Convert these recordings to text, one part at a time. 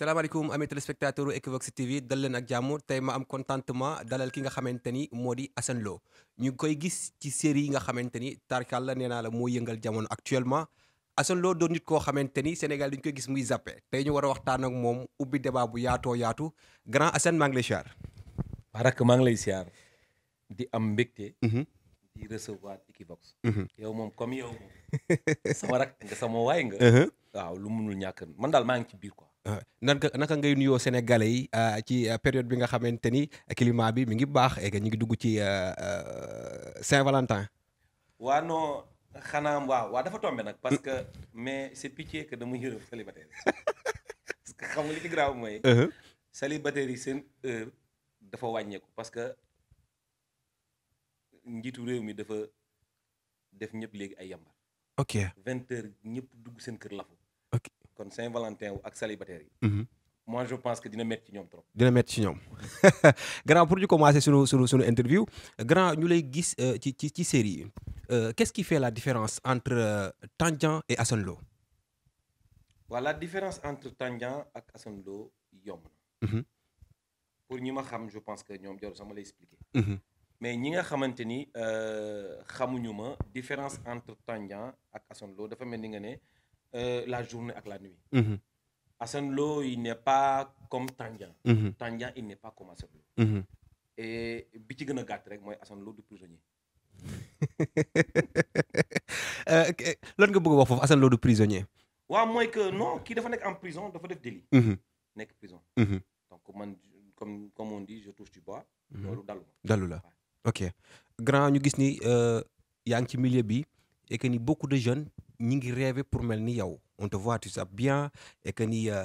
salaamaaleykum amis téléspectateurs Equivox TV dal leen ak jàmm tey ma am contentement dalal ki nga xamante ni moo di Assane Lo ñu ngi koy gis ci série yi nga xamante ni tarkal la nee naa la moo yëngal jamono actuellement Assane Lo doon nit koo xamante ni Sénégal dañu koy gis muy zappe tey ñu war a waxtaan ak moom ubbi débat bu yaatoo yaatu grand Assane maa ngi lay siyaar. Barak maa ngi lay siyaar di am mbégte. Mhm. di recevoir Equivox. Mhm. yow moom comme sama nga waay nga. Mhm. waaw lu munul ñàkk man daal maa ngi ci biir ko Euh, naka naka ngay nuyoo sénégalais yi euh, ci euh, période bi nga xamante ni climat bi mi ngi baax et ñu ngi dugg ci Saint-Valentin. waa non xanaa waaw waa dafa tombé nag. parce que mais c'est pitié que dama yërëm célibataire parce que xam nga li ci grave yi seen heure dafa wàññeeku parce que njiitu réew mi dafa def ñëpp léegi ay yambar. ok vingt heures ñëpp dugg seen kër lafu. kon Saint-Valentin wu ak célibataire yi. Mhm. moi je pense que dina métti ci ñoom trop. dina métti ci ñoom grand pour ñu commencer sunu sunu sunu interview grand ñu lay gis euh, ci ci ci série euh, qu'est-ce qui fait la différence entre euh, Tandian et Assane Lo. différence entre Tandian ak Assane Lo yomb na. Mhm. pour ñi ma xam je pense que ñoom jarul sama lay expliquer. Mhm. mais ñi nga xamante ni xamuñu ma différence entre Tandian ak Assane dafa mel ni nga ne. Euh, la journée ak la nuit. Mm -hmm. Lo, il n'est pas comme Tandian. Mm -hmm. Tandian, il n'est pas comme Hassan Lo. Mm -hmm. Et gën a gàtt rek mooy Hassan Lo du prisonnier. loolu euh, nga bëgg wax foofu Hassan Lo du prisonnier. waaw mooy que non kii dafa nekk en prison dafa def délit. Mm-hmm. nekk prison. Mm-hmm. donc man comme comme on dit je touche du bois. Mm-hmm. dalu la ok grand ñu gis ni euh, yaa ngi ci milieu bi et que ni beaucoup de jeunes. ñi ngi rêver pour mel ni yow on te voit tu sais bien et que ni euh,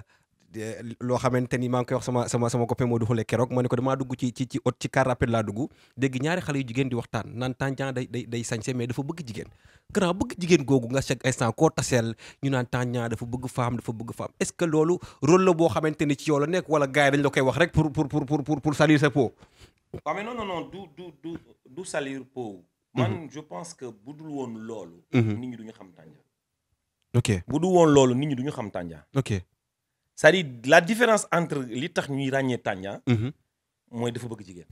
loo xamante ni maa ngi koy wax sama sama sama copain moo du xoolee keroog ma ko damaa dugg ci ci ci ot ci car rapide laa dugg dégg ñaari xale yu jigéen di waxtaan naan Tandian day day day sañse dafa bëgg jigéen grand bëgg jigéen googu nga chaque instant koo taseel ñu naan Tandian dafa bëgg femme dafa bëgg femme est-ce que loolu rôle boo xamante ni ci yow nekk wala gars yi dañ la koy wax rek pour pour pour pour pour salir sa peau. waaw mais je pense que budul woon loolu. Mhm. nit ñi duñu xam ok bu du woon loolu nit ñi du ñu xam Tanja. ok cest la différence entre li tax ñuy ràññee Tanja. Mhm. mooy dafa bëgg jigéen.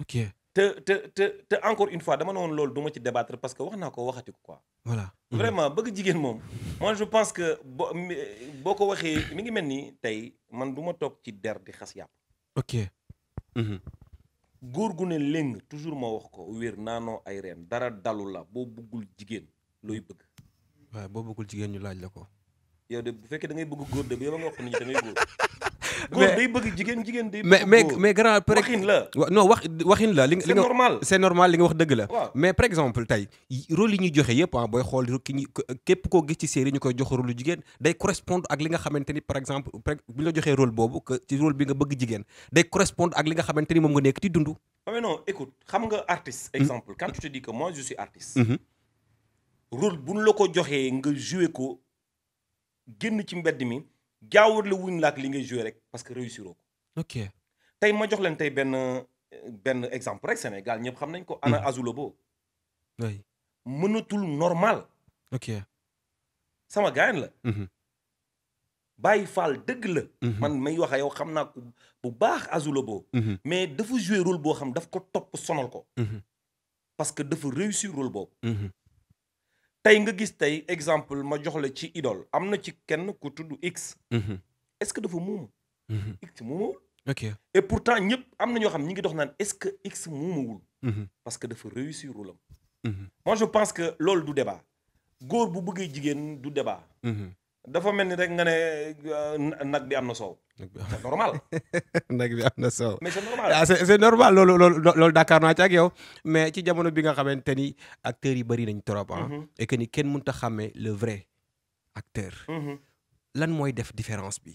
ok te te te te encore une fois dama ne woon loolu du ma ci débattre parce que wax naa ko waxati ko quoi. voilà mhm. vraiment bëgg jigéen moom. moi je pense que boo boo ko waxee mi ngi mel ni tey man duma ma toog ci der di xas yàpp. ok. Mhm. góor gu ne léng toujours ma wax ko wér naanoo ay reen dara dalu la boo bëggul jigéen looy bëgg. waaw boo bëggul jigéen ñu laaj la ko. yow de bu fekkee da ngay bëgg góor de yow nga wax nit ñi góor. góor day bëgg jigéen day. mais mais mais wax waxin la li li nga wax dëgg la. mais par exemple tey rôle yi ñuy joxe yëpp ah booy xool koo gis ci jox jigéen day ak li nga xamante ni par exemple bu ñu la joxee rôle boobu que ci rôle nga xamante ni moom nga nekk di dund. Ah, mais non écoute xam nga artiste. Hmm. exemple quand tu te dis que moi je suis mm-hmm. rôle bu ñu la ko joxee nga joué ko génn ci mbedd mi jaawar la wuñ la ak li ngay joué rek parce que réussiroo ko. ok tey ma jox leen tey benn benn exemple rek Sénégal ñëpp xam nañ ko. ana hmm. Azulobo. oui normal. ok sama gaañ la. Mhm. Baye Fall dëgg la. Mhm. man may wax yow xam naa ko bu baax Azulobo. Mhm. mais dafa joué rôle boo xam daf ko topp sonal ko. parce que dafa réussir rôle boobu. tey nga gis tey exemple ma jox la ci idole am na ci kenn ku tudd x mhm. est-ce que dafa muumu mhm. x muumawul ok et pourtant ñëpp am na ñoo xam ñi ngi dox naan est-ce que x muumawul mhm. parce que dafa réussir rôlam je pense que loolu du debaa góor bu bëggee jigéen du débat dafa mel ni rek nga ne euh, nag bi am na soow. c'est normal. nag bi am na soow. mais c'est normal ah, loolu loolu loolu d'accord naa ci ak yow mais ci jamono bi nga xamante ni acteurs yi bëri nañ trop ah. Mm-hmm. et mënut a xàmmee le vrai acteur. Mm-hmm. lan mooy def différence bi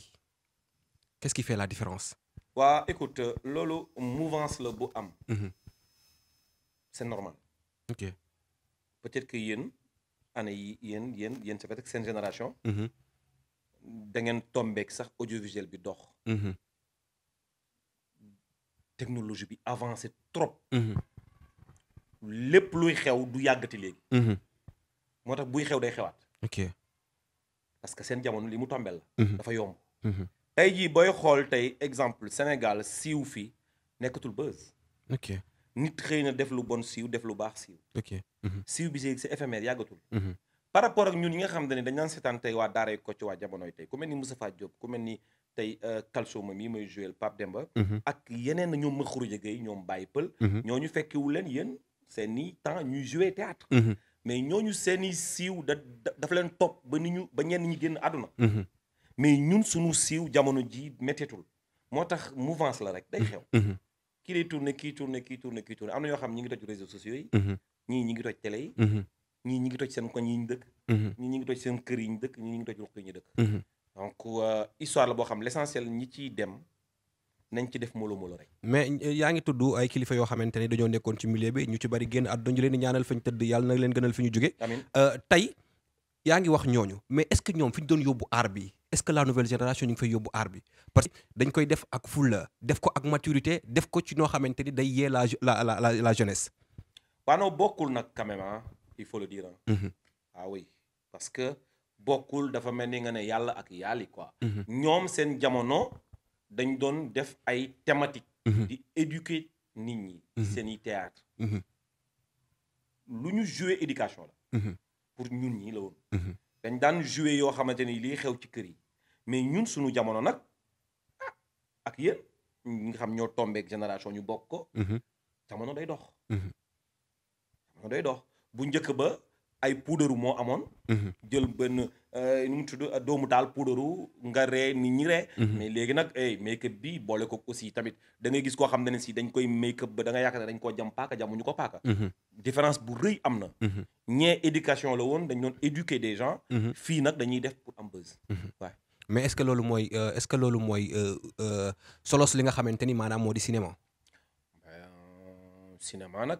quest qui fait la différence. waa écoute euh, loolu mouvance la bu am. Mm-hmm. c'est normal. ok peut-être que yéen. année yi yéen yéen yéen ça fait seen génération mm-hmm. da ngeen tombeek sax audiovisuel bi dox mm-hmm. technologie bi avancé trop mm-hmm. lépp luy xew du yàggati léegi moo tax buy xew day xewaat ok que seen jamono li mu tombel la dafa yomb tey jii booy xool tey exemple Sénégal siiw fi nekkatul buzz nit xëy na def lu bon siiw def lu baax siiw. ok mhm. siiw bi c'est éphémère yàggatul. Mhm. par rapport ak ñun ñi nga xam ne dañ naan seetaan tey waa Daaray Kocc waa jamonoy tey ku mel ni Moustapha Diop ku mel ni tey Kalso euh, ma mii mooy joué Pape Demba. Mhm. ak yeneen ñoom Makhoury Diagne ñoom Baye Pël. ñu fekkiwul leen yéen seeni temps ñuy joué théâtre mais ñooñu seen i siiw da dafa leen topp ba ni ñu ba ñenn ñi génn àdduna. mais ñun suñu siiw jamono ji métteetul moo tax mouvance la rek day xew. kii lay tourné kii tourné kii tourné kii tourné am na ñoo xam ñi ngi toj réseaux sociaux yi mhm. ñii ñi ngi toj télé yi mhm. ñii ñi ngi toj seen koñ yi ñu dëkk mhm. ñii ñi ngi toj seen kër yi ñu dëkk ñii ruq yi ñu dëkk donc euh, histoire la boo xam l'essentiel ñi ci dem nañ ci def molo molo rek mais euh, yaa ngi tudd ay kilifa yoo xamante ne dañoo nekkoon ci milieu bi ñu ci bari génn àdduna ñu leen di ñaanal fañ tëdd yàlla na leen gënal fi ñu jóge amiin euh, yaa ngi wax ñooñu mais est-ce que ñoom fi ñu doon yóbbu aar bi est-ce que la nouvelle génération ñu ngi fay yóbbu aar bi parce que dañ koy def ak fulla def ko ak maturité def ko ci noo xamante ni day yee la la la la jeunesse. bokkul nag quand il faut le mm-hmm. ah parce que bokkul dafa mel ni nga ne yàlla ak yàlli quoi. Mm-hmm. ñoom seen jamono dañ doon def ay thématique mm-hmm. di éduquer nit ñi. seen i théâtre lu ñu jouer éducation la. pour ñun ñi la woon. dañ daan joué yoo xamante ni lii xew ci kër yi mais ñun suñu jamono nag ah, ak yéen ñi xam ñoo tombeek génération ñu bokk ko. Mhm. jamono day dox. Mhm. jamono day dox bu njëkk ba ay puudaru moo amoon. Mhm. jël benn euh, nu mu tudd doomu daal puudaru nga ree nit ñi ree. Mhm. mais léegi nag ay make bi boole ko ko aussi tamit dangay gis koo xam ne si dañ koy make up ba da nga yaakaar dañ koo jam paaka jamuñu ko paaka. Mhm. différence bu rëy am na. ñee éducation la woon dañ doon éduquer des gens. fii nag dañuy def pour am mais est-ce que loolu mooy euh, est-ce que loolu mooy euh, solos li nga xamante ni maanaam moo di cinéma. cinéma nag.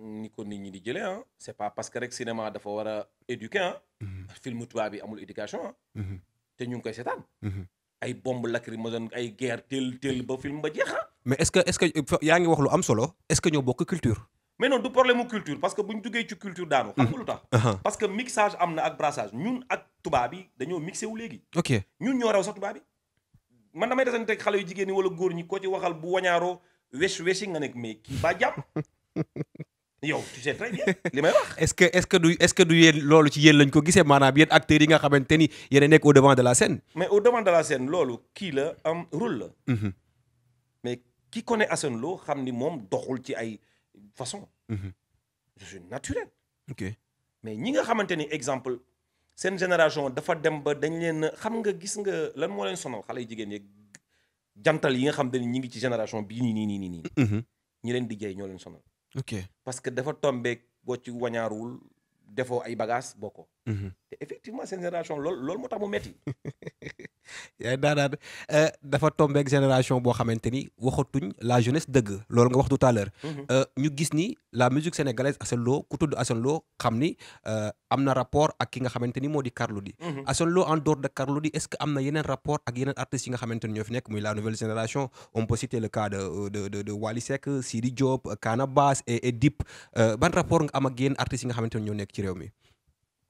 ni ko nit ñi di jële a ah. c'est pas parce que rek cinéma dafa war a éduquer ah mm-hmm. film tubaab bi amul éducation ah. mm-hmm. te ñu ngi koy seetaan mm-hmm. ay bombe lacrymogène ay guerre tel tel ba film ba jeex ah mais est-ce est euh, yaa ngi wax lu am solo est-ce que ñoo bokk culture mais non du problème mu culture parce que bu ñu duggee ci culture daanu. xam nga lu tax. Uh-huh. parce que mixage am na ak brassage ñun ak tubaab yi dañoo mixé wu léegi. ok ñun ñoo raw sax tubaab yi. man damay xale yu jigéen ñi wala góor ñi koo ci waxal bu wañaaroo wesh weshi nga nekk mais yow tu sais très bien li may wax. est-ce que est-ce que du est-ce que du yéen loolu ci yéen lañ ko gisee maanaam yéen acteurs yi nga xamante ni yéen a nekk au devant de la scène. mais au la am rôle la. Mm-hmm. mais ki connaît Assane Lo xam ni moom doxul ci ay façon. Mm-hmm. je suis naturel. mais ñi nga xamante ni exemple seen génération dafa dem ba dañ leen xam nga gis nga lan moo leen sonal xale yu jigéen yeeg jantal yi nga xam ne ñi ngi ci génération bii nii nii nii nii. Mm-hmm. ñi leen di jaay ñoo leen sonal. ok parce que dafa tombé boo ci wañaaruwul defoo ay bagages bokkoo. Mhm. effectivement seen lool moo tax mu metti yaay eh, daanaan eh, dafa tombeek génération boo xamante ni waxatuñ la jeunesse dëgg loolu nga wax tout à l'heure mhm. eh, ñu gis ni la musique sénégalaise Assane Lo ku tudd Assane Lo xam ni am na rapport ak ki nga xamante ni moo di Carlou D mhm. Assane Lo en dehors de Carlou D est-ce que am na yeneen rapport ak yeneen artistes yi nga xamante ni ñoo fi nekk muy la nouvelle génération on peut citer le cas de de de de Wally Seck et et ban rapport nga am ak yeneen artistes yi nga xamante ni ñoo nekk ci réew mi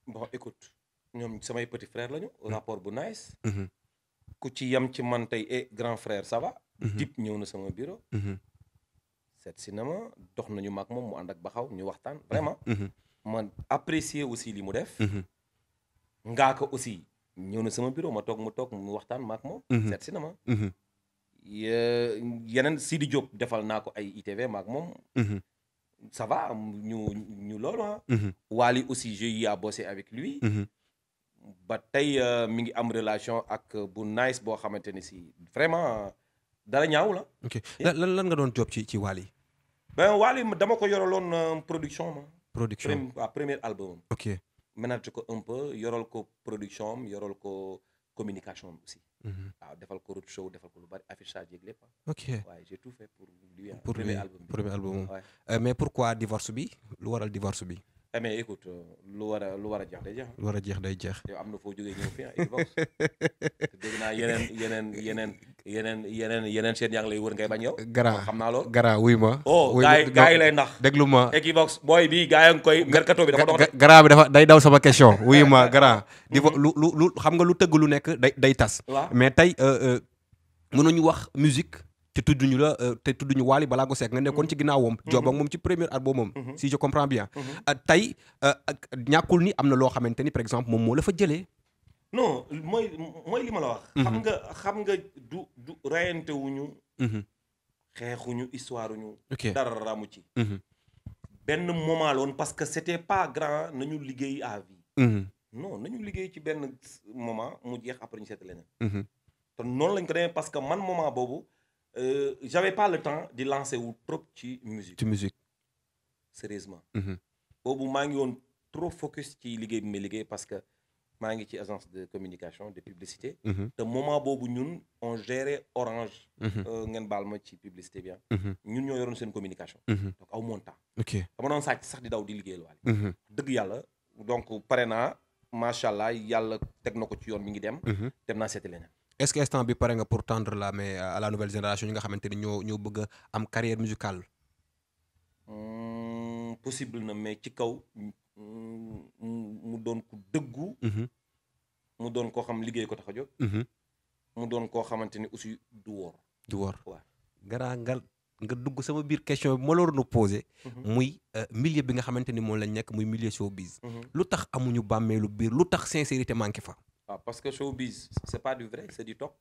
bon écoute ñoom samay petit frère lañu hmm. rapport bu nice mhm. ku ci yam ci man tey eh grand frère ça mhm. dip ñëw na sama bureau. Mhm. seet si na ma dox nañu maak moom mu ànd ak xaw ñu waxtaan vraiment. Mhm. man apprécier aussi li mu def. ngaa ko aussi ñëw na sama bureau ma toog mu toog mu waxtaan maak moom. seet si na ma. yeneen Sidi defal naa ko ay ITV maak moom. ça va ñu ñu loolu ah. Wally aussi j'ai eu à bosser avec lui. ba tey euh, mi ngi am relation ak bu nice boo xamante ni si vraiment euh, dara ñaaw la. ok lan lan nga doon job ci ci Wally. ben Wally dama ko yoraloon euh, production ma. production waaw premier album am. ok ménage ko un yoral ko production am yoral ko communication am aussi. Mhm. ko road show lu bari affichage yeeg lépp. Ah. ok waaye pour. pour premier album premier album mais pourquoi divorce bi lu waral divorce bi. Eh, mais écoute euh, lu war a lu war a jeex day jeex. lu war a jeex day jeex. am na foo jógee ñëw naa yeneen yeneen yeneen yeneen yeneen yeneen seen yaa ngi lay wër ngay bañ yow. gara xam naa loolu. gara wuy ma. oh gaa yi gaa yi lay ndax. déglu ma Equivox booy bi gaa yaa ngi koy. mercato bi dafa dox de. gara bi dafa day daw sama question wuy ma gara. lu lu xam nga lu tëgg lu nekk day day tas. mais tey euh, euh, mënuñu wax musique. te tudduñu la euh, te tudduñu Wally Ballago Seck nga nekkoon ci mhm. ginnaawam. Mhm. joob ak moom ci premier at mhm. si je comprends bien. Euh, tey euh, ñàkkul ni am na loo xamante ni par exemple moom moo la fa jëlee. non mooy mooy li ma la wax. xam nga xam nga du du rayante wuñu. xeexuñu histoire ñu. dara ramu ci. benn moment la woon parce que c'était pas grand nañu liggéey à vie. non nañu liggéey ci benn moment mu jeex après ñu seet leneen. te noonu lañ ko demee parce que man moment boobu. euh, j'avais pas le temps di lancer wu trop ci musique ci musique sérieusement mm-hmm. boobu maa ngi woon trop focus ci liggéey bi ma liggéey parce que maa ngi ci agence de communication de publicité mm-hmm. te moment boobu ñun on gérait Orange mm-hmm. euh, ngeen baal ma ci publicité bi ah. ñun ñoo yoroon seen communication donc aw moon temps ok dama sax di daw di liggéeyal waale dëgg yàlla donc pare naa macha allah yàlla teg na ko ci yoon mi ngi dem dem naa seeti leneen est-ce que instant bi pare nga pour tendre la main à la nouvelle génération ñi nga xamante ñoo ñoo bëgg a am carrière musicale. Hmm, possible na mais ci kaw mu doon ku dëggu. Mhm. mu doon koo xam liggéey ko tax a jóg. Mhm. koo xamante ni aussi du woor. du woor waaw garaa nga dugg sama biir question bi nu la mhm. muy euh, milieu bi nga xamante ni moom lañ nekk muy milieu bise lu tax amuñu bàmmeelu biir lu tax sincérité manqué fa. waaw ah, parce que showbiz c'est pas du vrai c'est du top.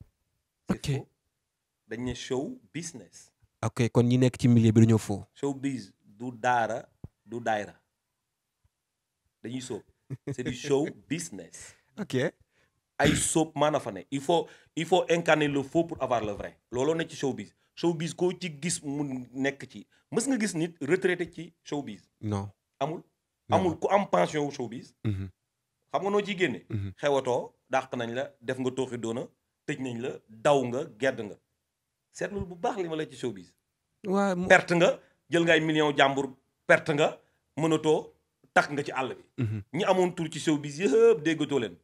c'est faux dañ ne show ok kon ñi nekk ci millier bi dañoo faux. showbiz du daara du daayra dañuy sóob c'est du show business. ok ay sóob maana fa ne il faut il faut incarner le faux pour avoir le vrai looloo nekk ci showbiz showbiz koo ci gis mu nekk ci mës nga gis nit retraité ci showbiz. amul amul ku am pension wu showbiz. Mhm. xam nga noo ciy génne. Mhm. xewatoo. dàq nañ la def nga tooxi doona tëj nañ la daw nga gedd nga seetlul bu baax li ma la ci showbiz. waaw perte nga jël ngay million jàmbur perte nga mënatoo takk nga ci àll bi. Mhm. ñi amoon tur ci showbiz yëpp déggatoo leen.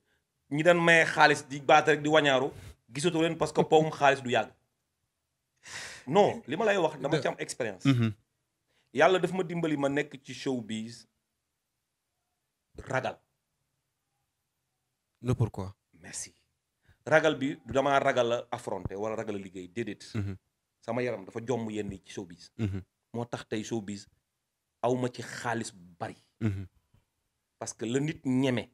ñi daan maye xaalis di baat rek di wañaaru gisatoo leen parce que powum xaalis du yàgg. non li ma lay wax dama ci am expérience. Mhm. yàlla daf ma dimbali ma nekk ci showbiz ragal. le pourquoi. merci ragal bi du damaa ragal a affronter wala ragal a liggéey déedéet. Mhm. sama yaram dafa jomm yenn ci showbiz. Mhm. moo tax tey showbiz aw ma ci xaalis bu bari. Mhm. parce que la nit ñeme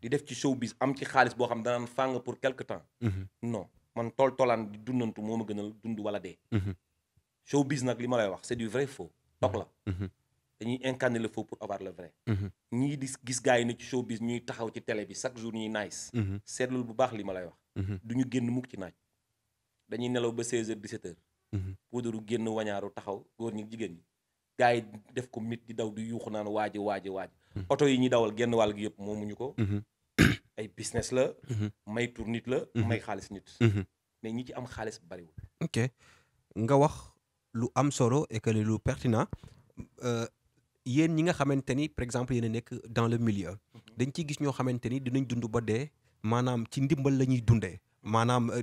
di def ci showbiz am ci xaalis boo xam danaan fàng pour quelque temps. non man tool toolaan di dundantu moo ma gënal dund wala dee. showbiz nag li ma lay wax c'est du vrai faux toog la. dañuy incarner le faux pour avoir le vrai. Mhm. ñii di gis gars yi ne ci showbiz ñuy taxaw ci télé bi chaque jour ñuy nice. Mhm. seetlul bu baax li ma lay wax. Mhm. du ñu génn mukk ci naaj. dañuy nelaw ba 16h 17h. poudre génn wañaaru taxaw góor ñi jigéen ñi. gars yi def ko mit di daw di yuuxu naan waaji waaji waaji. oto yi ñuy dawal genn wàll gi yëpp moomuñu ko. ay business la. may tour nit la. may xaalis nit. mais ñi ci am xaalis bariwul. ok nga wax lu am solo et que lu pertinent. Euh, yéen ñi nga xamante ni par exemple yéen a nekk dans le milieu dañ ciy gis ñoo xamante ni dinañ dund ba dee maanaam ci ndimbal la ñuy dundee maanaam euh,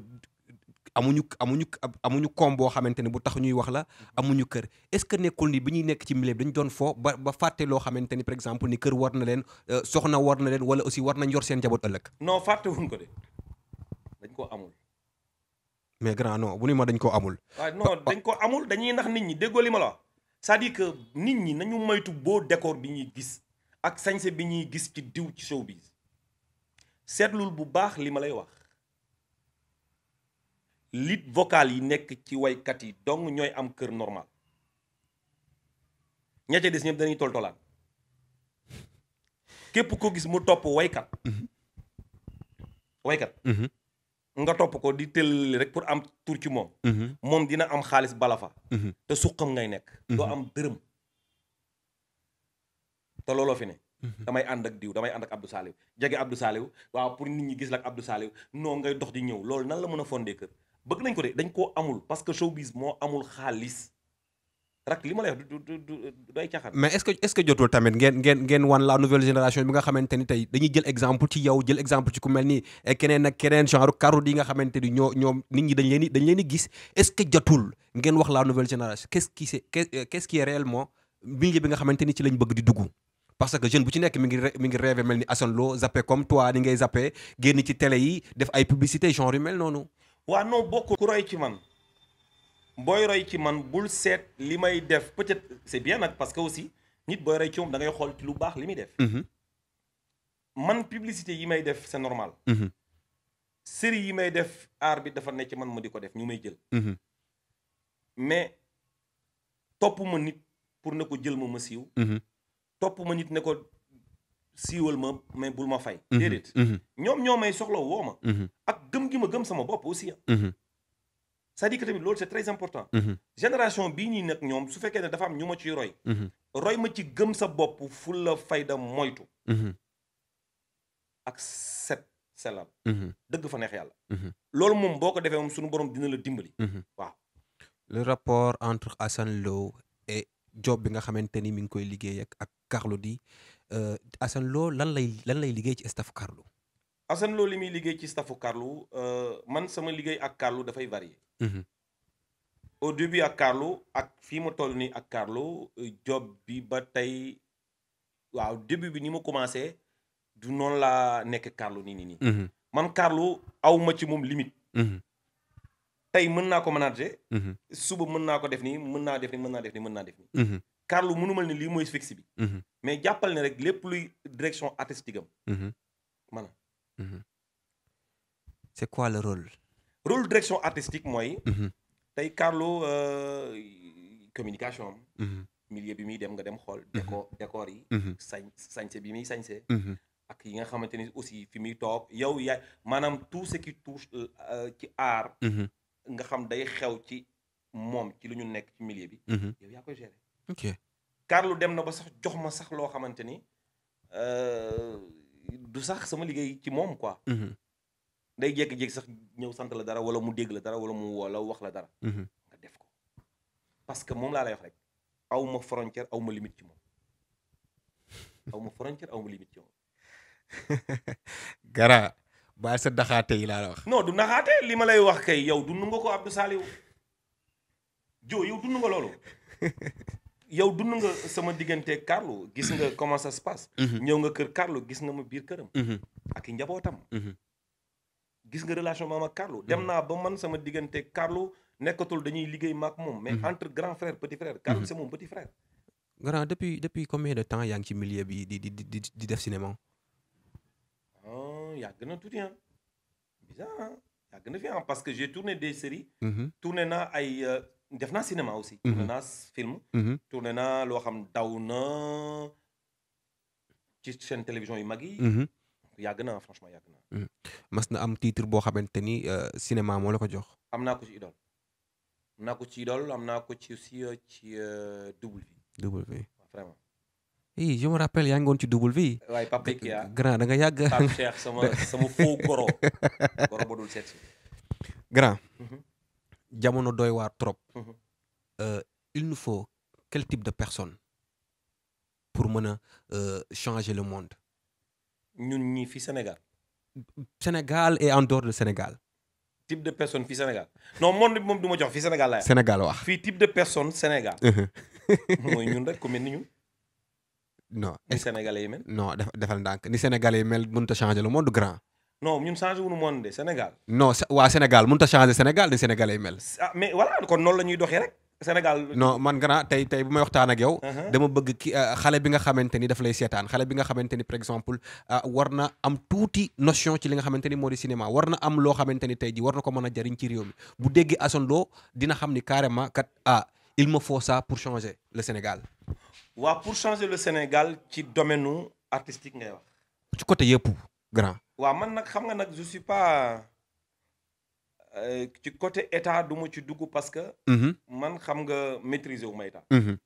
amuñu amuñu amuñu koom boo xamante ni bu tax ñuy wax la amuñu kër est-ce que nekkul ni bi ñuy nekk ci milieu bi dañ doon foo ba ba fàtte loo xamante ni par exemple ni kër war na leen euh, soxna war na leen wala aussi war nañ yor seen njaboot ëllëg. non fàtte wuñ ko de dañ ko amul. mais grand non bu ni ma dañ ko amul. waaw dañ ko amul dañuy nax nit ñi déggoo li ma la c'est-à-dire nit ñi nañu moytu boo décor bi ñuy gis ak sañse bi ñuy gis ci diw ci showbiz seetlul bu baax li ma lay wax lit vocal yi nekk ci waykat yi dong ñooy am kër normal ña des ñëpp dañuy toltolaan képp ko gis mu topp waykat mhm. waykat mhm. nga topp ko di tëll rek pour am tour ci moom. Mhm. moom dina am xaalis bala fa. Mhm. te suqam ngay nekk. Mhm. doo am dërëm. te looloo fi ne. damay ànd ak diw damay ànd ak Abdou Saliou jege Abdou Saliou waaw pour nit ñi gis la ak Abdou Saliou noo ngay dox di ñëw loolu nan la mën a fondee kër bëgg nañ ko de dañ koo amul parce que showbiz moo amul xaalis. rak li ma lay wax du du du du ay caaxaan. mais est-ce que est-ce que jotul tamit ngeen ngeen ngeen wan la nouvelle génération bi nga xamante ni tey dañuy jël exemple ci yow jël exemple ci ku mel ni keneen ak keneen genre karu yi nga xamante ni ñoo ñoom nit ñi dañ leen di dañ leen di gis est-ce que jotul ngeen wax la nouvelle génération qu'est-ce qui c'est qu'est-ce qui est réellement milieu bi nga xamante ni ci lañ bëgg di dugg. parce que jeune bu ci nekk mi ngi mi ngi rêvé mel ni Assane Lo zappé comme toi ni ngay zappé génn ci télé yi def ay publicité genre yu mel noonu. waaw non bokk ku roy ci man. booy roy ci man bul seet li may def peut-être c'est bien nag parce que aussi nit booy roy ci moom da xool ci lu baax li muy def. Mm-hmm. man publicité yi may def c'est normal. Mm-hmm. série yi may def aar bi dafa nekk man ma di ko def ñu may jël. Mm-hmm. mais topp ma nit pour ne ko jël ma ma siiw. topp ma nit ne ko siiwal ma mais bul ma fay. déedéet ñoom ñoo may soxla woo ma. ak gëm gi ma gëm sama bopp aussi. Ah. c'est-à-dire que tamit loolu c'est très important. Mhm. génération bii ñuy nag ñoom su fekkee ne dafa am ñu ma ciy roy. Mhm. roy ma ci gëm sa bopp fulla fayda moytu. Mhm. ak set selal. dëgg fa neex yàlla. loolu moom boo ko defee moom suñu borom dina la dimbali. waaw. le rapport entre Assane Lo et job bi nga xamante ni mi ngi koy liggéey ak Carlou di euh, Assane Lo lan lay lan lay liggéey ci staff Carlou. Assane loolu li muy liggéey ci safu Carlou euh, man sama liggéey ak Carlou dafay varier mhm. au début ak Carlou ak fii ma toll nii ak Carlou job bi ba tey waaw début bi ni ma commencé du noonu laa nekk Carlou nii nii nii mhm. man Carlou aw ma ci moom limite mhm. tey mën naa ko manager suba mën naa ko def nii mën naa def nii mën naa def nii mën naa def nii Carlou mënumal ni lii mooy fixe bi mais jàppal ne rek lépp luy direction artistique am Mhm. c'est quoi le rôle. role direction artistique mooy. Mhm. tey Carlou euh, communication am. Mhm. bi muy dem nga dem xool. décor décor yi. sañ sañse bi muy sañse. ak yi nga xamante ni aussi fi muy toog yow yaay maanaam tout ce qui touche euh, euh, ci art. nga xam day xew ci moom ci lu ñu nekk ci milieu bi. yow yaa koy gérer. ok Carlou dem na ba sax jox ma sax loo xamante ni. du sax sama liggéey ci moom quoi. Mhm. day jékki-jékki sax ñëw sant la dara wala mu dégg la dara wala mu woo wax la dara. Mhm. nga def ko parce que moom laa lay wax rek aw ma frontière aw ma ci moom aw ma aw ma limite ci moom. gara baal sa daxaate yi laa la wax. non du naxaate li ma lay wax kay yow dund nga ko Abdou Saliou. jo yow dund nga loolu. yow dund nga sama diggante karlo gis nga comment ça se passe. Mhm. ñëw nga kër Carlou gis nga ma biir këram. Mhm. ak njabootam. Mhm. gis nga relation ma ma karlo dem naa ba man sama diggante Carlou nekkatul dañuy liggéey maak moom. mais entre grand frère petit frère. Carlou c'est mon petit frère. grand depuis depuis combien de temps yaa ngi ki milieu bi di di di di def cinéma. Ah, yàgg na tuuti ah bizarre ah na fi ah parce que j'ai tourné des séries. tourné naa ay. Euh, def naa cinéma aussi. Mhm. tourné naa mhm. naa loo xam daw na ci chaîne télévision yu mag yi. Mhm. yàgg naa franchement yàgg naa. mas na am titre boo xamante ni euh, cinéma moo la ko jox. am naa ko ci idole am naa ko ci idole am naa ko ci aussi euh, ci double vie. double i je rappelle yaa ngi ci double vie. waaye Pape grand da nga yàgg. Pape Cheikh sama sama grand. jamono doy waar trop. Mhm. Euh, il nous faut quel type de personne pour mën a euh, changer le monde. ñun ñii fi Sénégal. Sénégal et en dehors de Sénégal. type de personne fii Sénégal non monde bi moom du ma jox fii Sénégal laa Sénégal wax fii type de personne Sénégal. Mhm. mooy ñun rek ku mel ni ñun. non ni Sénégalais yi mel. non defal ndànk ni Sénégalais yi mel mënut a changer le monde grand. non ñun changé wuñu monde de Sénégal. non waa Sénégal mënut a changé Sénégal ni Sénégalais mel. ah mais voilà kon noonu la ñuy doxee rek. Sénégal non man gannaaw tey tey bu may waxtaan ak yow. Uh-huh. dama bëgg ki euh, xale bi nga xamante ni daf lay seetaan xale bi nga xamante ni par exemple euh, war na am tuuti notion ci li nga xamante ni moo di cinéma war na am loo xamante ni tey ji war ko mën a jariñ ci réew bu déggee Assane Lo dina xam ni carrément kat ah il me faut ça pour changer le Sénégal. waaw pour changer le Sénégal ci domaine artistique ngay wax. ci côté yëpp grand. waaw man nag xam nga nag je suis pas euh, ci côté état du ma ci dugg parce que. Mhm. man xam nga maîtriser wu ma état. Mhm.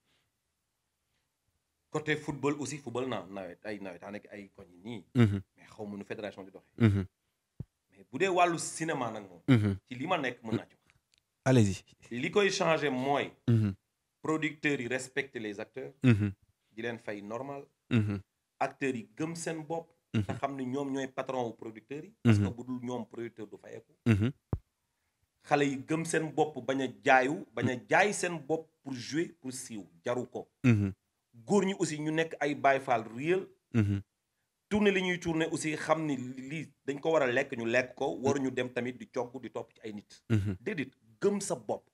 côté football aussi football naa nawet ay nawetaan ak ay koñ nii. Mhm. mais xaw ma nu fédération di doxee. mais bu dee wàllu cinéma nag moom. ci li ma nekk mën naa ci wax. allez-y li koy changé mooy. producteurs yi respecter les acteurs. di leen fay normal. acteurs yi gëm seen bopp. te mhm. xam ne ñoom ñooy patron wu producteurs yi mhm. parce que bu dul ñoom producteur du fayeku mhm. xale yi gëm seen bopp bañ a jaayu bañ a jaay seen bopp pour jouer pour siiw jaru ko góor ñi aussi ñu nekk ay Baay Faal réel tourné li ñuy tourné aussi xam ni lii dañ ko war a lekk ñu lekk ko war ñu dem tamit di cogg di topp ci ay nit déedéet gëm sa bopp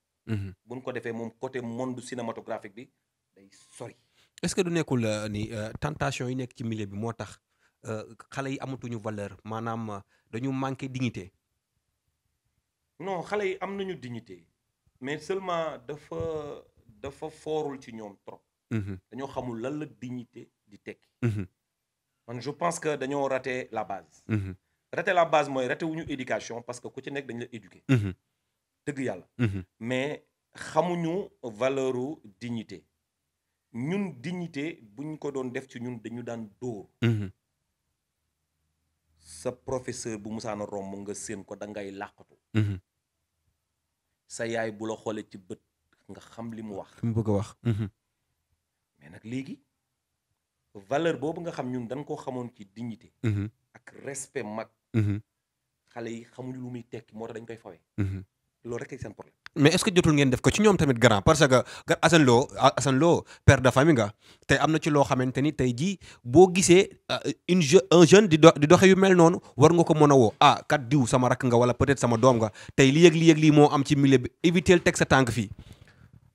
buñ ko defee moom côté monde cinématographique bi day sori est-ce que du nekkul euh, ni euh, tentation yu nekk ci millier bi moo tax Euh, xale yi amatuñu valeur maanaam euh, dañu manqué dignité. non xale yi am nañu dignité mais seulement dafa dafa foorul ci ñoom trop. Mhm. dañoo xamul lan la dignité di tekki. Mhm. man je pense que dañoo rate la base. Mhm. raté la base mooy raté wuñu éducation parce que ku ci nekk dañu la éduquer. dëgg yàlla. mais xamuñu valeuru dignité ñun dignité buñ ko doon def ci ñun dañu daan dóor. sa professeur bu musaana romb nga séen ko da ngay làqatu mhm. sa yaay bu la xoolee ci bët nga xam li mu wax li mu bëgg a wax mhm. mais nag léegi valeur boobu nga xam ñun dañ koo xamoon ci dignité mhm. ak respect mag xale yi xamuñu lu muy tekki moo tax dañ koy fawee loolu rek ay seen problème mais est-ce que jotul ngeen def ko ci ñoom tamit grand parce que Assane Lo Assane Lo père de famille nga tey am na ci loo xamante ni tey jii boo gisee euh, une je un jeune di di doxe yu mel noonu war nga ko mën a woo ah kat diw sama rakk nga wala peut-être sama doom nga tey li yëg li yëg lii moo am ci milieu bi éviter teg sa tànk fii.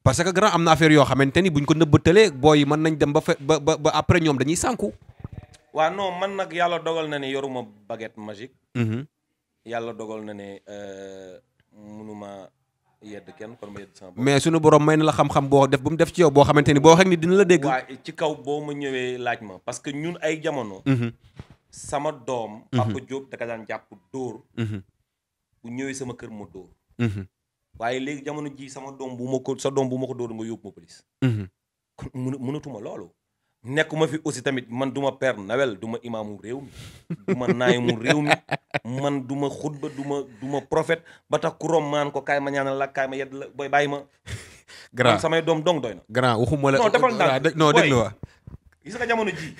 parce que grand am na affaire yoo xamante ni buñ ko nëbbatalee booy yi mën nañ dem ba fe ba ba ñoom dañuy sànku. waa non man nag yàlla dogal na ne yoruma baguette magique. Mhm. yàlla dogal na ne euh, yedd kenn kon ma yedd sama mais suñu borom may na la xam-xam boo def bu mu def ci yow boo xamante ni boo xek ni dina la dégg waaw ci kaw boo ma ñëwee laaj ma parce que ñun ay jamono mhm. sama doom mhm. Papa Diop daka daan jàpp dóor mhm. bu ñëwee sama kër ma dóor waaye léegi jamono ji sama doom bu ma ko sa doom bu ma ko dóor nga yóbbu ma police kon mënatuma loolu nekkuma fi aussi tamit man duma per Père Noël du ma imaamu réew mi du ma naayimu réew mi man du ma xutba du ma du ma prophète ba tax ku rom maan ko kaay ma ñaanal la kaay ma yedd la booy bàyyi ma. grand samay doom dong doy na. grand waxuma la non defal ndànk de noo wa gis nga jamono ji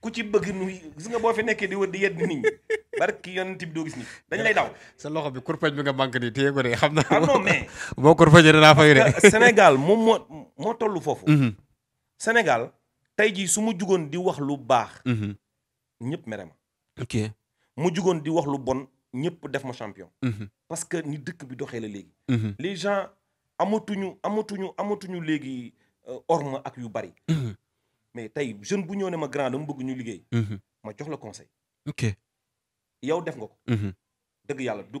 ku ci bëgg nu gis nga boo fi nekkee di wër di yedd nit ñi barki yonent bi doo gis ni dañ lay daw. sa loxo bi kurpañ bi nga manqué nii téye ko de xam naa. ah non boo kurpañee danaa fay de. Sénégal moom moo moo toll foofu. Mhm. Sénégal. tey jii su ma jugoon di wax lu baax. Mhm. ñëpp mere ma. ok mu jugoon di wax lu bon ñëpp def ma champion. Mhm. parce que ni dëkk bi doxee la léegi. Mhm. les gens amatuñu amatuñu amatuñu léegi euh, orma ak yu bari. mais tey jeune bu ñëw ne ma grande dama bëgg ñu liggéey. ma jox la conseil. ok def nga ko. dëgg yàlla du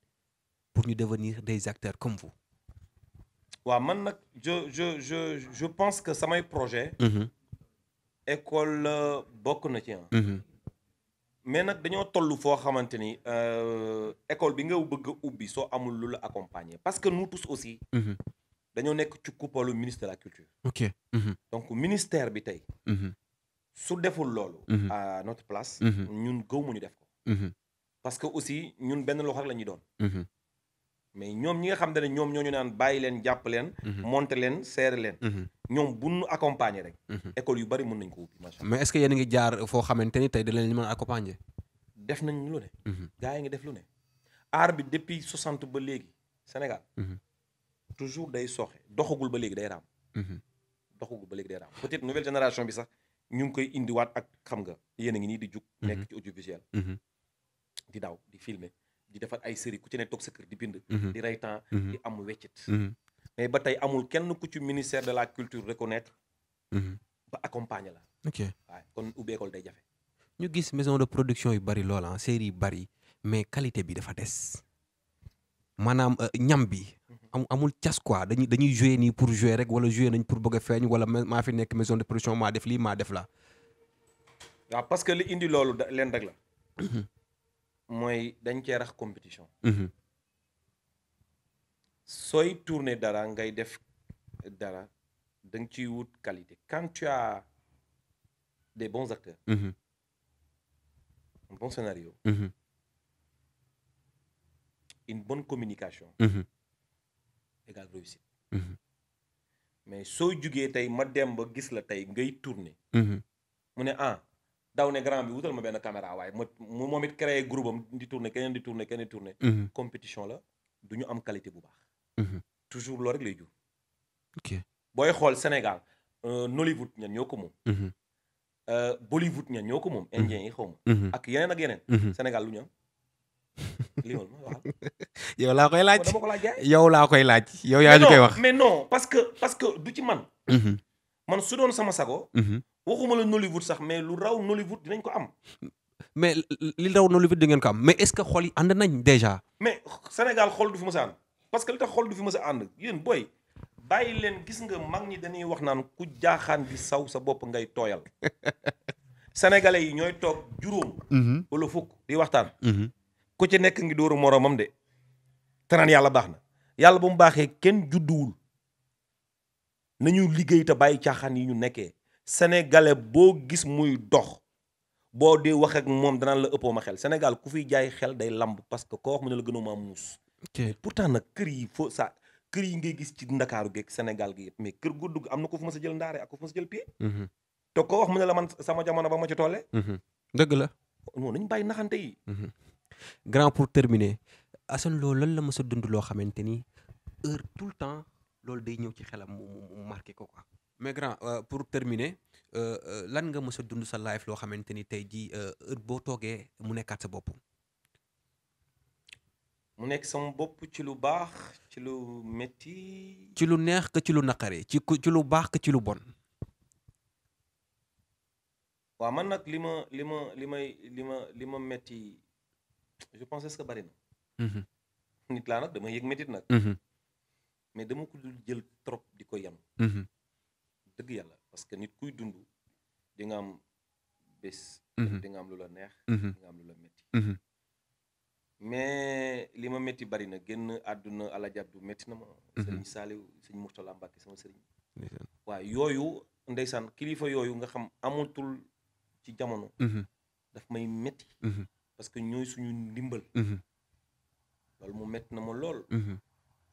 pour ñu devenir des acteurs comme vous. waaw man nag je je je je pense que samay projet. Mhm. école euh, bokk na ci mhm. mais nag dañoo toll foo xamante ni euh, école bi nga bëgg ubbi soo amul lu la accompagner parce que nous tous aussi. Mhm. dañoo nekk ci kuppalu ministre de la culture. ok donc ministère bi tey. su deful loolu. à notre place. ñun gëw mu ñu def ko. parce que aussi ñun benn loxo rek la ñuy doon. mais ñoom ñi nga xam ne ñoom ñoo ñu naan bàyyi leen jàpp leen. Mhm. monter leen seere leen. Mhm. ñoom bu ñu accompagner rek. Mhm. école yu bari mun nañ ko ubbi macha allah. mais est-ce que yéen a ngi jaar foo xamante ni tey dinañ leen mën a accompagner. def nañ lu ne. gars yi ngi def lu ne. aar bi depuis 60 ba léegi Sénégal. toujours day soxe doxagul ba léegi day raam. doxagul ba léegi day raam peut-être génération bi sax ñu ngi koy indiwaat ak xam nga yéen a ngi nii di jug. nekk ci audiovisuel. di daw di filmer. di defar ay série ku ci ne toog sa kër di bind mhm. di rey temps mhm. di am weccit mhm. mais ba tey amul kenn ku ci ministère de la culture reconnaître ba accompagner la ok kon ubbi école day jafe ñu gis maison de production yu bari loola ah, série yu bari mais qualité bi dafa des maanaam euh, ñam bi am amul cas quoi dañuy dañuy jouer nii pour jouer rek wala jouer nañ pour bëgg a feeñ wala maa fi nekk maison de production maa def lii maa def la waaw parce que li indi loolu leen rek la mooy dañ cee rax compétition. Mhm. sooy tourner dara ngay def dara da nga ciy wut qualité quand tu as des bons acteurs. Mhm. bon scénario. Mm-hmm. communication. mm réussite. Mhm. mais soo jugee tey ma demb gis la tey ngay tourner. mu ne ah daw ne grand bi wutal ma benn caméra waaye mu moom it créé groupe am di tourner keneen di tourner keneen di tourner. Mhm. compétition la du ñu am qualité bu baax. Mhm. toujours loolu rek lay jur. ok booy xool Sénégal euh, Nollywood ñan ñoo ko moom. Mhm. Euh, Bollywood ñan ñoo ko moom. indien yi xaw ma. ak yeneen ak yeneen. Sénégal lu ñu am. yow laa koy laaj yow laa koy laaj yow yaa ñu koy wax. mais non parce que parce que du ci man. man su doon sama sago. waxuma la Nollywood sax mais lu raw Nollywood dinañ ko am. mais li raw Nollywood di ngeen ko am mais est-ce que xol yi ànd nañ déjà. mais Sénégal xol du fi mës a ànd parce que li tax xol du fi mës ànd yéen booy bàyyi leen gis nga mag ñi dañuy wax naan ku jaaxaan bi saw sa bopp ngay tooyal. sénégalais yi ñooy toog juróom. Mhm. wala fukk di waxtaan. Mhm. ku ci nekk ngi dóoru moroomam de. te naan yàlla baax na yàlla ba mu baaxee kenn judduwul nañu liggéey te bàyyi caaxaan yi ñu nekkee. sénégalais boo gis muy dox boo di wax ak moom danaan la ëppoo ma xel Sénégal ku fi jaay xel day lamb parce que koo wax mu ne la gënuma muus. pourtant nag kër yi foo sa kër yi ngay gis ci ndakaaru geeg Sénégal gi yëpp mais kër gu dugg am na ko fu ma sa jël ndaare ak ko fu ma sa koo wax mu ne la man sama jamono ba ma ci tolle mhm. dëgg la. non nañ bàyyi naxante yi. Mhm. pour terminer Assane loolu lan la mës a dund loo xamante ni tout le temps loolu day ñëw ci xelam mu marqué ko ko mais grand euh, pour terminer euh, euh, lan nga mës a dund sa life loo xamante ni tey jii heure boo toogee mu nekkaat sa bopp. mu nekk sama bopp ci lu baax ci lu métti. ci lu neex que ci lu naqare ci ci lu baax que ci lu bon. waaw man nag li ma li ma li may li ma li ma métti je pense est-ce que bari na. Mhm. nit laa nag dama yëg métit nag. Mhm. mais dama ko dul jël trop di ko yem. Mhm. dëgg yàlla parce que nit kuy dund di nga am bés mhm. di am lu la neex mhm. di am lu la métti mhm. mais li ma métti bari na génn àdduna alajab du métti na ma sëriñ Saaliw sëñ Murtala Mbàkke sama sëriñ waaw yooyu ndeysaan kilifa yooyu nga xam amatul ci jamono daf may métti parce que ñooy suñu ndimbal loolu mu métti na ma lool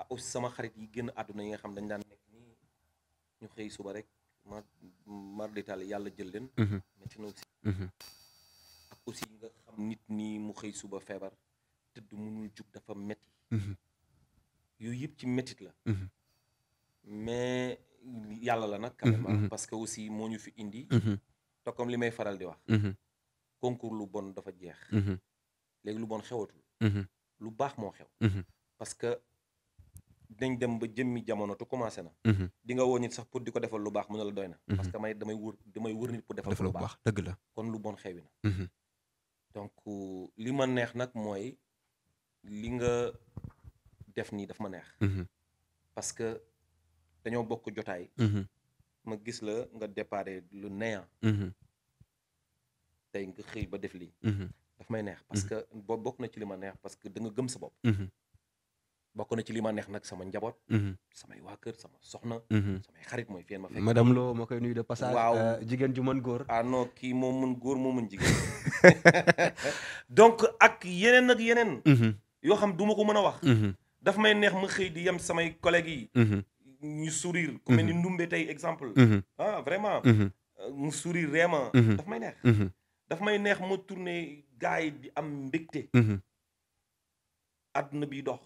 ah aussi sama xarit yi génn àdduna yi nga xam dañ daan nekk nii ñu xëy suba rek ma mar détail yàlla jël leen mhm. métti na mhm. aussi nga xam nit nii mu xëy suba feebar tëdd mënul jug dafa metti mhm. yooyu yëpp ci métit la mais yàlla la nag quand même ah. parce que aussi moo ñu fi indi te li may faral di wax concours lu bon dafa jeex léegi lu bon xewatul lu baax moo xew parce dinañ dem ba jëmmi jamono te commencé na. Mhm. di nga woo nit sax pour di ko defal lu baax mën na la doy na. Mhm. parce que may damay wër damay wër nit pour defal lu baax dëgg la kon lu bon xewi na. Mhm. donc li ma neex nag mooy li nga def nii daf ma neex. parce que dañoo bokk jotaay. ma gis la nga déparé lu neex. tey nga xëy ba def lii. daf may neex parce que boo bokk na ci li ma neex parce que da nga gëm sa bopp. bokk na ci li ma neex nag sama njaboot. Mhm. samay waa kër sama soxna. Mhm. samay xarit mooy fii ma fekk. madame Lo ma koy nuyu de passage. waaw euh, jigéen ju mën góor. ah non kii moo mën góor moo mën jigéen. donc ak yeneen ak yeneen. Mhm. yoo xam du ma ko mën a wax. daf may neex ma xëy di yem samay collègues yi. ñu sourire. ku mel ni Ndumbe tey exemple. ah vraiment. Euh, mu sourire vraiment. daf may neex. daf may neex ma tourné gars yi di am mbégte. àdduna bi dox.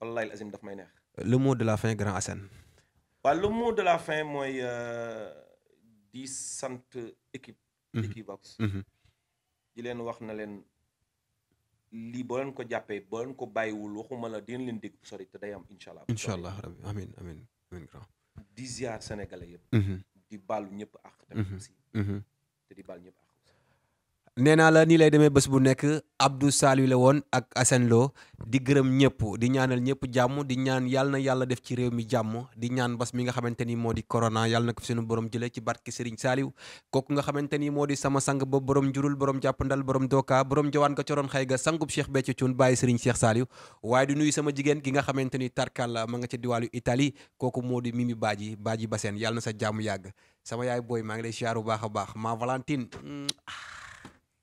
wallaay al azim daf may neex. le moo de la fin grand Assane. waaw le mot de la fin mooy euh, di sant équipe. Mhm. Equivox. Mhm. di leen wax na leen lii boo leen ko jàppee boo leen ko bàyyiwul waxuma la dina leen dégg bu sori te day am incha allah. incha allah rabbi amin amin grand. di ziar sénégalais yëpp. Mhm. di baalu ñëpp ak. te di baal ñëpp ak. nee naa la nii lay demee bés bu nekk Abdou Saliou la woon ak Assane di gërëm ñëpp di ñaanal ñëpp jàmm di ñaan yàlla na yàlla def ci réew mi jàmm di ñaan bas mi nga xamante ni moo di corona yàlla na ko fi suñu borom jëlee ci barke Serigne Saliou kooku nga xamante ni moo di sama sang boob borom njurul borom jàppandal borom dooka borom jawaan nga xëy ga sangub Cheikh Béthio Thioune bàyyi Serigne Cheikh Saliou waaye di nuyu sama jigéen gi nga xamante ni tarkalla ma nga ca diwaalu Italie kooku moo di Mimi Badji Badji Bassène yàlla na sa jàmm yàgg sama yaay booy maa ngi lay siyaar bu baax a baax ma